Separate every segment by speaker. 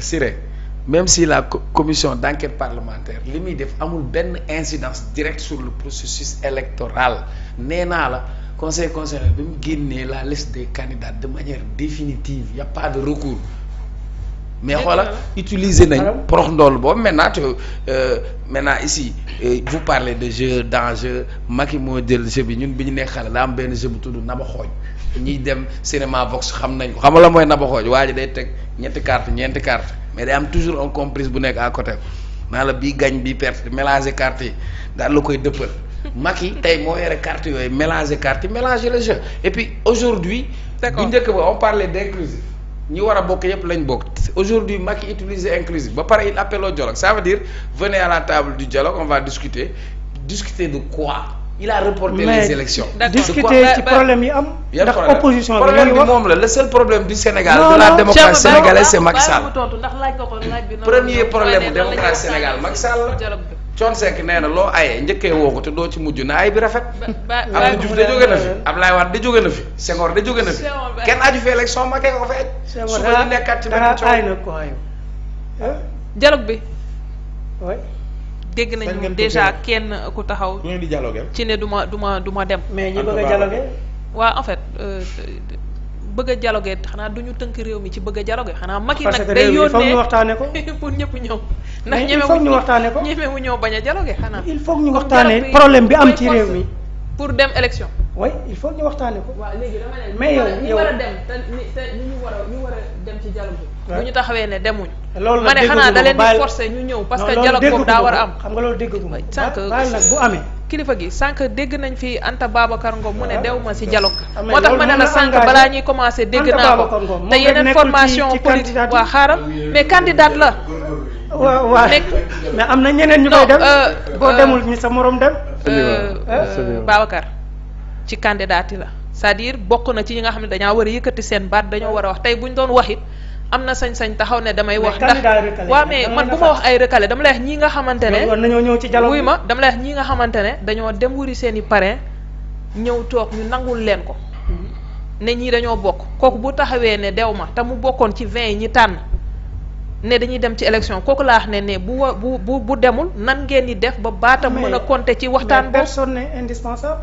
Speaker 1: Siré même si la commission d'enquête parlementaire li muy def amul benn incidence directe sur le processus électoral nee naa la conseil constitutionnel bi mu génnee la liste des candidats de manière définitive y a pas de recours mais voilà utiliser nañ prox ndool boobu maintenant te euh, maintenant ici euh, vous parlez de jeu d'enjeu Macky moo jël jeu bi ñun bi ñu nekk xale daa am benn jeu bu tudd na ma xooñ ñiy dem cinéma Vox xam nañ ko xam nga la mooy nabaxooj waa ji day teg ñetti carte ñeenti carte mais day am toujours en complice bu nekk a côté naa la bi gañ bi perte mélanger carte yi daal la koy dëppal Macky tey moo yore carte yooyu mélanger carte yi mélanger le jeu et puis aujourd'hui bu njëkk ba on parlait d'inclusif ñi war a bokk yépp lañ bokk aujourd'hui Macky utilise inclusif ba pare il appelle au dialogue ça veut dire venez à la table du dialogue on va discuter discuter de quoi il a reporté les élections discuter ci problème yi am ndax opposition bi problème bi moom la le seul problème du Sénégal de la démocratie sénégalaise c'est Macky Sall premier problème démocratie Sénégal Macky Sall Thione Seck nee loo ayee njëkkee woo ko te doo ci mujj na ay bi rafet Abdou Diouf da jóge na fi Abdoulaye Wade da jóge na fi Senghor da jóge na fi kenn aju fi élection Macky ko fa aj su ko ñu nekkaat ci benn
Speaker 2: coow dialogue bi dégg nañu déjà kenn ku taxaw. ci ne du ma du ma du ma dem. mais ñi bëgg a dialoguer. waaw en fait euh, bëgg a dialoguer xanaa du ñu tënk réew mi ci bëgg a xanaa. mag yi nag day yónnee parce que waxtaanee ko. pour ñëpp ñëw. ndax ñemewu ñu waxtaanee ko ñemewu ñëw bañ a dialoguer xanaa. il faut ñu waxtaanee problème bi am ci réew mi. pour dem élection. way il faut ñu waxtaanee ko. waaw léegi dama ne. mais yow yow war a dem te ñu war a ñu war a dem ci dialogue bu ñu taxawee ne demuñ. loolu nag dégg xanaa da leen di forcer ñu ñëw. parce que dialogue boobu daa war am. xam nga loolu dégg ma sànq nag bu amee. kilifa gi sànq dégg nañ fi Anta Babacar Ngom mu ne dew ma si dialogue. Ah, moo tax ma ne la sànq balaa ñuy commencé dégg naa ko te yeneen formation politique waa xaaral
Speaker 3: mais candidate la. waaw waaw mais am na ñeneen ñu koy dem. Euh, boo demul ñu euh, sa moroom dem. Euh,
Speaker 2: Babacar ci candidat yi la c'est-à-dire bokk na ci ñi nga xam ne dañaa war a yëkkati seen baat dañoo war a wax tey bu ñu doon wax am na sañ-sañ taxaw ne damay wax ndax waa mais man bu ma wax ay recalé dama lay wax ñii nga xamante ne wuy ma dama lay wax nga xamante ne dañoo dem wuri seeni i ñëw toog ñu nangul leen ko mm-hmm. ne ñii dañoo bokk kooku bu taxawee ne dew ma te mu bokkoon ci vingt yi ñi tànn ne dañuy dem ci élection kooku laa wax ne ne bu wa bu bu demul nan ngeen di def ba baatam mën a compter ci waxtaan boobu personne
Speaker 3: n'est indispensable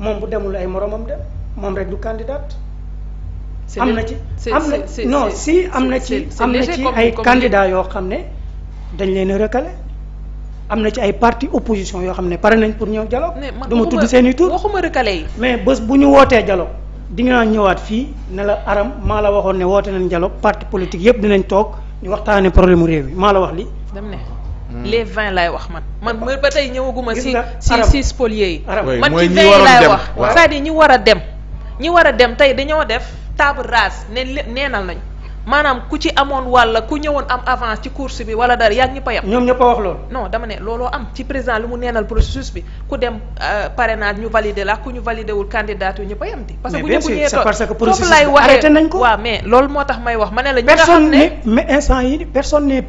Speaker 3: moom bu demul ay moromam dem moom rek du candidat
Speaker 2: am na ci am na non si am na ci am na ci
Speaker 3: ay candidat yoo xam ne dañ leen a recalé am na ci ay parti opposition yoo xam ne pare nañ pour ñëw dialogue
Speaker 2: du ma tudd seen i tur
Speaker 3: waxuma recalé yi mais bés bu ñu wootee dialogue di nga ñëwaat fii ne la aram maa la waxoon ne woote nañ dialogue parti politique yëpp dinañ toog ñu waxtaane problème mu réew yi maa la wax li
Speaker 2: Hmm. les vingt laay wax man man ba tey ñëwaguma si si si yi man ci vingt yi laay wax c'est-à-dire ñi war a dem ñi war a dem tey dañoo def table rase ne neenal nañ maanaam ku ci amoon wàlla ku ñëwoon am avance ci course bi wala dara yàgg ñëpp a yem. ñoom ñëpp a wax loolu. dama ne looloo am ci président li mu neenal processus bi ku dem euh, parrainage ñu validé la ku ñu validé wul yu ñëpp a yem. parce que bu ñëpp ñëwee toog parce que processus bi arrêté nañ ko waaw mais loolu moo wax ne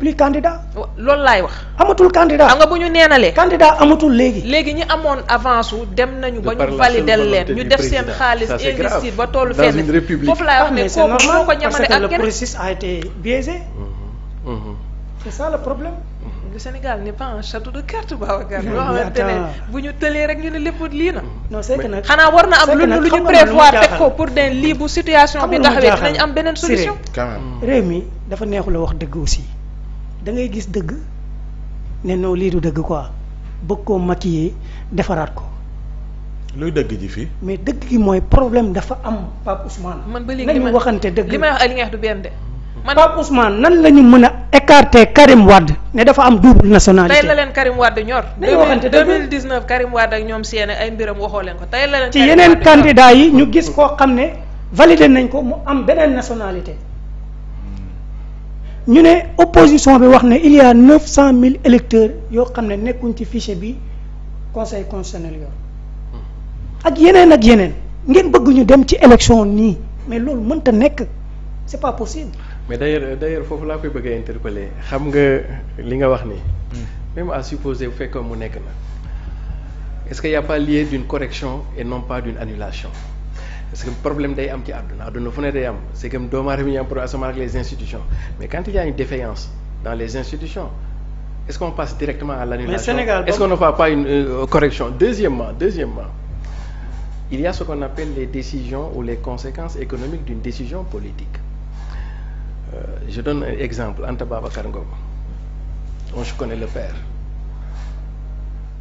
Speaker 2: foofu
Speaker 4: laay ah, ko ñamale
Speaker 2: ak kenn justice a été biaisée. Mmh. Mmh. c'est ça le problème. Mm-hmm. le Sénégal n'est pas un château de cartes Babacar. mais mm-hmm. xamante bu ñu tëlee rek ñu ne lépp lii na. Mm-hmm. non c'est xanaa war na am lu ñu lu ñu
Speaker 3: prévoir teg ko pour den lii bu situation bi taxawee dinañ am beneen solution. réew mi dafa neexula wax dëgg aussi dangay gis dëgg ne non lii du dëgg quoi bëgg koo maquiller defaraat ko.
Speaker 4: looy dëgg ji fii.
Speaker 3: mais dëgg gi mooy problème dafa am
Speaker 2: Pape Ousmane. man ba léegi nañu may wax li nga wax du
Speaker 3: benn nan la ñu mën a écarter Karim Wade ne dafa am double nationalité. tey la
Speaker 2: leen Karim Wade ñor. nañu waxante dëgg 2019 Karim Wade ak ñoom seen ay mbiram waxoo leen ko tey la leen. ci yeneen candidat
Speaker 3: yi ñu gis koo xam ne validé nañ ko mu am beneen nationalité. Hmm. ñu ne opposition bi wax ne il y cent mille électeurs yoo xam ne nekkuñ ci fichier bi conseil constitutionnel ak yeneen ak yeneen ngeen bëgg ñu dem ci élection nii mais loolu mënta nekk c'est pas possible. mais d'ailleurs d'ailleurs foofu laa koy
Speaker 5: bëgg interpeller xam nga li nga wax ni hmm. même à supposer bu fekkoon mu nekk na est-ce qu'il n'y a et non pas parce que problème day am ci adduna àdduna fu ne day am c'est que doomu aadama ñu am problème sama ak les institutions mais quand il y a une défaillance dans les institutions est-ce qu'on passe directement à l'annulation mais Sénégal est-ce ne fait pas une euh, deuxièmement il y a ce qu'on appelle les décisions ou les conséquences économiques d'une décision politique. Euh, je donne exemple, ante Babacar Ngom, dont je connais le père.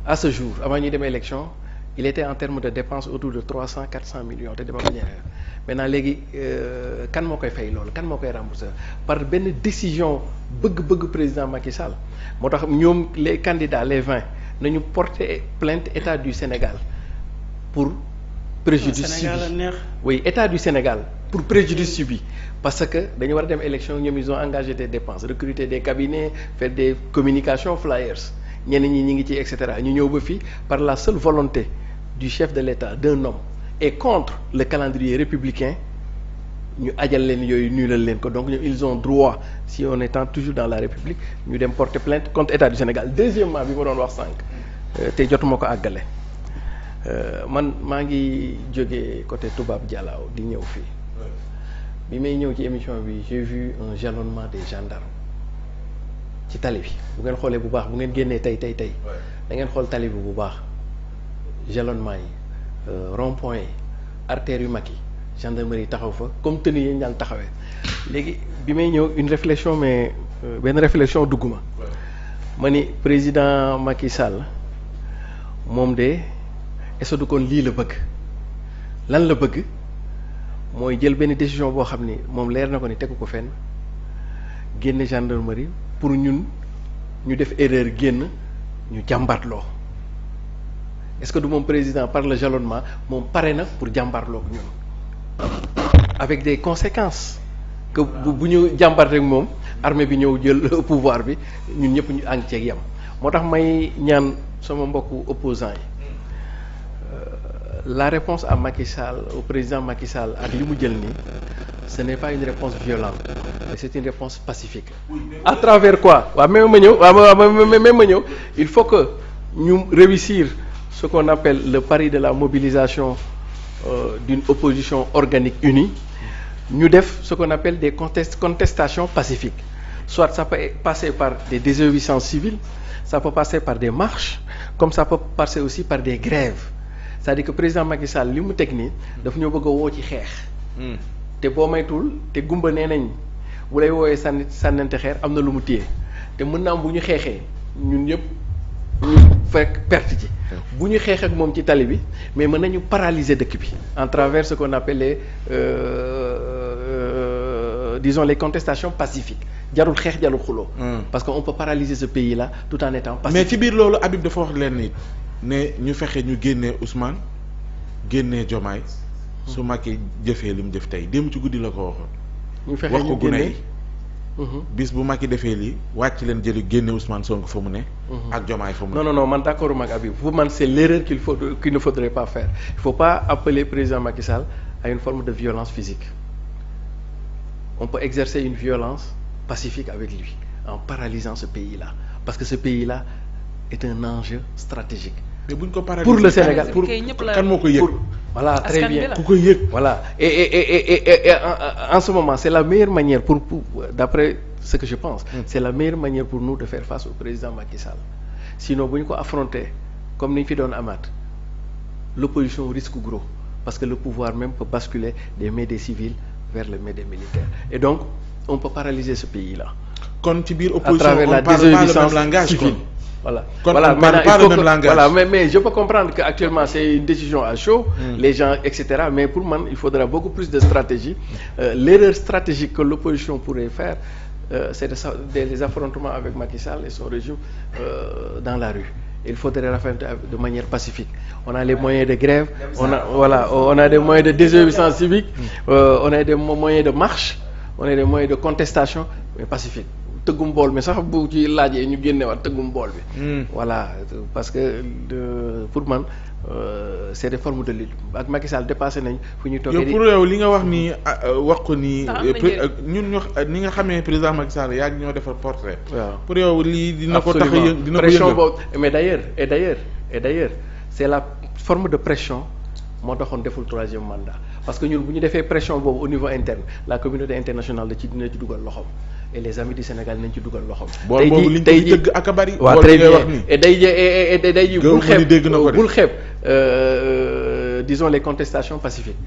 Speaker 5: À ce jour, avant une élection, il était en terme de dépenses autour de 300 400 millions te dama bañee maintenant léegi euh, kan moo koy fay loolu kan moo koy rembourser par benn décision bëgg-bëgg président Macky Sall moo tax ñoom les candidats les vingt ñu porter plainte état du Sénégal préjudice subi oui état du Sénégal pour préjudice subi parce que dañu war a dem élection ñoom ils ont engagé des dépenses recruter des cabinets faire des communications flyers ñenn ñi ñi ngi ci et cetera ñu ñëw ba fii par la seule volonté du chef de l'état d'un homme et contre le calendrier républicain ñu ajal leen yooyu nulal leen ko donc ñoom ils ont droit si on étant toujours dans la république ñu dem porter plainte contre état du Sénégal deuxièmement bi ma doon wax sànq euh, te jotuma ko àggale Euh, man maa ngi jóge côté tubaab Dialaw di ñëw fii bi may ñëw ci émission bi j'ai vu un jalonnement des gendarmes ci tali bi bu ngeen xoolee bu baax bu ngeen génnee tey tey tey da ngeen xool tali bi bu baax jalonnement yi euh, rond-point yi artères yu mag yi gendarmerie taxaw fa comme tenue yi ñu daan taxawee léegi bi may ñëw une réflexion mais euh, benn réflexion dugg ma ma ni président Macky Sall moom de. est-ce du kon lii la bëgg lan la bëgg mooy jël benn décision boo xam ni moom leer na ko ni tegu ko fenn génne gendarmerie pour ñun ñu def erreur génn ñu jàmbaarloo est-ce que du moom président par le jalonnement moom pare na pour jàmbaarloo ñun avec de conséquences que bu ñu jàmbaar rek moom armée bi ñëw jël pouvoir bi ñun ñëpp ñu ànd ceeg yam moo tax may ñaan sama mbokku opposants yi la réponse à Macky Sall au président Macky Sall ak li mu jël nii ce n'est pas une réponse violente mais c'est une réponse pacifique à travers quoi waaw même ma ñëw waaw même ma ñëw il faut que ñu réussir ce qu'on appelle le pari de la mobilisation euh, d'une opposition organique unie ñu def ce qu'on appelle des contest contestations pacifiques soit ça peut passer par des désobéissances civiles ça peut passer par des marches comme ça peut passer aussi par des grèves c'est-à-dire que président Macky li mu teg nii daf ñoo bëgg woo ci xeex hmm. te boo maytul te gumba nee nañ bu lay woowee sànni sànnante xeer am na lu mu téye te mën na am bu ñu xeexee ñun yëpp fekk perte ci hmm. bu ñu xeex ak moom ci tali bi mais mën nañu paralyser dëkk bi en travers ce qu'on appelle les euh, euh, disons les contestations pacifiques jarul xeex jarul xuloo hmm. parce que on peut paralyser ce pays là tout en étant pacifique mais ci
Speaker 4: biir loolu Habib dafa wax leen ni ne ñu fexe ñu génne Ousmane génnee Jomaay su hmm. yi jëfee li mu jëf tey démb ci guddi la ko waxoon.
Speaker 5: ñu fexe wax ko gune yi
Speaker 4: hmm. bis bu Macky defee lii wàcc leen jëli génne Ousmane Sonko fa mu ne. Hmm. ak Jomaay fa mu ne. non non
Speaker 5: non man d' accord mag Habib pour man c' est l' erreur qu' il faut qu' ne faut pas appeler président Macky Sall à une forme de violence physique on peut exercer une violence pacifique avec lui en paralysant ce pays là parce que ce pays là. est un enjeu stratégique.
Speaker 4: buñ ko paree pour le Sénégal pour kan moo koy yëg.
Speaker 5: voilà très bien ku koy yëg. voilà et en, en ce moment c'est la meilleure manière pour pour d'après ce que je pense. Mm. c'est la meilleure manière pour nous de faire face au président Macky Sall sinon bu ko affronter comme ni fi doon amaat l'opposition risque gros parce que le pouvoir même peut basculer des mains des civils vers les mains des militaires et donc. on peut paralyser ce pays là.
Speaker 4: kon ci biir opposition on parle pas le même langage civile.
Speaker 5: voilà Quand voilà on mais mais je peux comprendre que c'est une décision à chaud. Mm. les gens et mais pour man il faudra beaucoup plus de stratégie euh, l'erreur stratégique que l'opposition pourrait faire euh, c'est des, des affrontements avec Macky Sall et son régime euh, dans la rue il faudrait la faire de manière pacifique on a les moyens de grève on a voilà on des moyens de désobéissance civique mm. euh, on a des moyens de marche on ne des moyens de contestation mais pacifique tëggum bool mi sax bu ci laajee ñu génnewaat tëggum bool bi. Hmm. voilà parce que pour man euh, c' est des formes de lutte ak Macky Sall dépassé nañ fu ñuy toogee. yow pour yow li nga wax ni
Speaker 4: wax ko ni. Euh, euh, ñu euh, ni nga xamee président Macky Sall yaa ngi ñoo defar portrait. waaw pour yow lii dina ko tax dina ko yëngal boobu mais d' ailleurs et d'
Speaker 5: et d' ailleurs est la forme de pression. moo taxoon deful troisième mandat parce que ñun bu ñu defee pression boobu au niveau interne la communauté internationale la ci dina ci dugal loxoom et les amis du Sénégal
Speaker 4: nañ ci dugal loxoom. tey jii tey jii tëgg ak a bari. waaw très bien et
Speaker 5: day jii day jii bul xeeb bul xeeb disons les contestations pacifiques.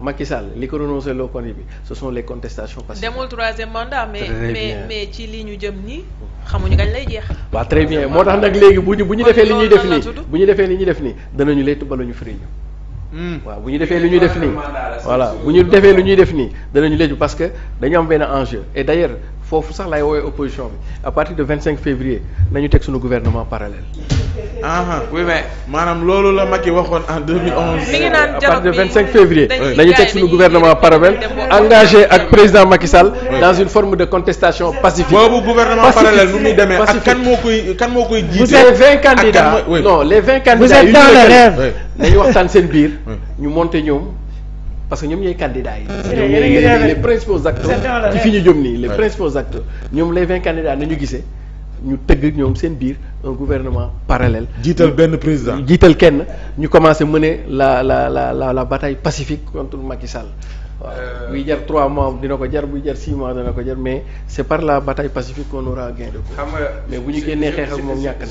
Speaker 5: Macky Sall li ko renoncé loo kon bi ce sont les contestations passives.
Speaker 2: demul troisième mandat mais mais ci lii ñu jëm nii xamuñu kañ lay jeex.
Speaker 5: waaw très bien moo tax nag léegi bu ñu bu ñu defee li ñuy def nii bu ñu defee li ñuy def nii danañu lay tubalu ñu firi hmm. waaw bu ñu defee lu ñuy def nii voilà bu ñu defee lu ñuy def nii danañu léegi parce que dañu am benn enjeu et d'ailleurs foofu sax lay woowee opposition bi à partir de vingt cinq février nañu teg suñu gouvernement parallèle.
Speaker 4: ah oui maanaam loolu la Macky waxoon en 2011. mi ngi naan à vingt cinq février nañu teg suñu
Speaker 5: gouvernement parallèle engagé ak président Macky Sall. dans une forme de contestation pacifique. boobu gouvernement parallèle nu muy demee ak
Speaker 4: kan moo koy kan moo koy jiite. vous avez vingt candidats non les vingt candidats.
Speaker 5: nañu waxtaan seen biir. ñu monter ñoom. parce que ñoom ñooy candidats yi. ñoom ñooy les principaux acteurs ci fi ñu jëm nii les principaux acteurs ñoom les vingt candidats nañu gisee ñu tëgg ñoom seen biir un gouvernement parallèle. jiital
Speaker 4: benn président jiital kenn
Speaker 5: ñu commencé mener la la la la la bataille pacifique contre Macky Sall. waaw buy jar 3 mois dina ko jar buy jar 6 mois dina ko jar mais c' par la bataille pacifique qu' on aura gain de cause. xam génnee xeex ak moom ñàkk na.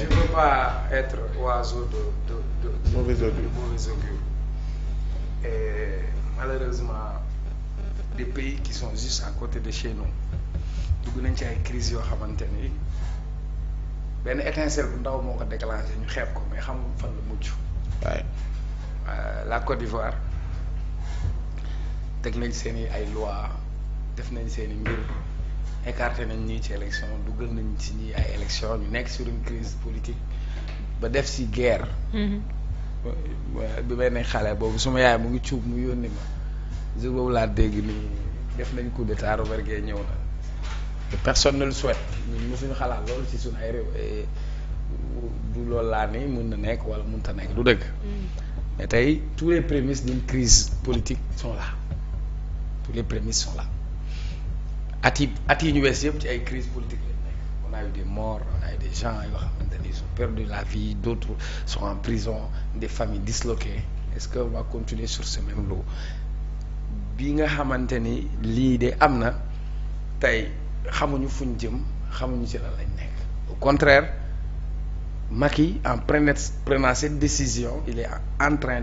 Speaker 1: je malheureusement des pays qui sont juste à côté de chez dugg nañ ci ay crise yoo xamante ni benn étincelle bu ndaw moo ko déclenché ñu xeeb ko mais xam fan lu mujj. waaye euh, la Côte d'Ivoire teg nañ seen i ay loi def nañ seen i mbir écarté nañ ñii ci élection duggal nañ ci ñi ay élection ñu nekk sur une crise politique ba def si guerre. Mm-hmm. bi may nekk xale boobu suma yaay mu ngi cuub mu yónni ma jour boobu laa dégg nii def nañ coup d'état Robert Gueye ñëw na te personne ne le souhaite ñun xalaat loolu ci suñu ay réew eh, du loolu laa ni mën na nekk wala mënta nekk du dëgg mm. mais tey tous les prémices d'une crise politique sont là tous les prémices sont là at yi at yi ñu wees yëpp ci ay crise politique lañ nekk on a eu des on a eu des yoo xam xamante ni sont perdu la vie d'autres sont en prison des familles disloquées est-ce que on continuer sur semaine même bi nga xamante ni lii de am na tey xamuñu fuñ jëm xamuñu ci lan lañ nekk au contraire Macky en prenant prenant cette décision il est en train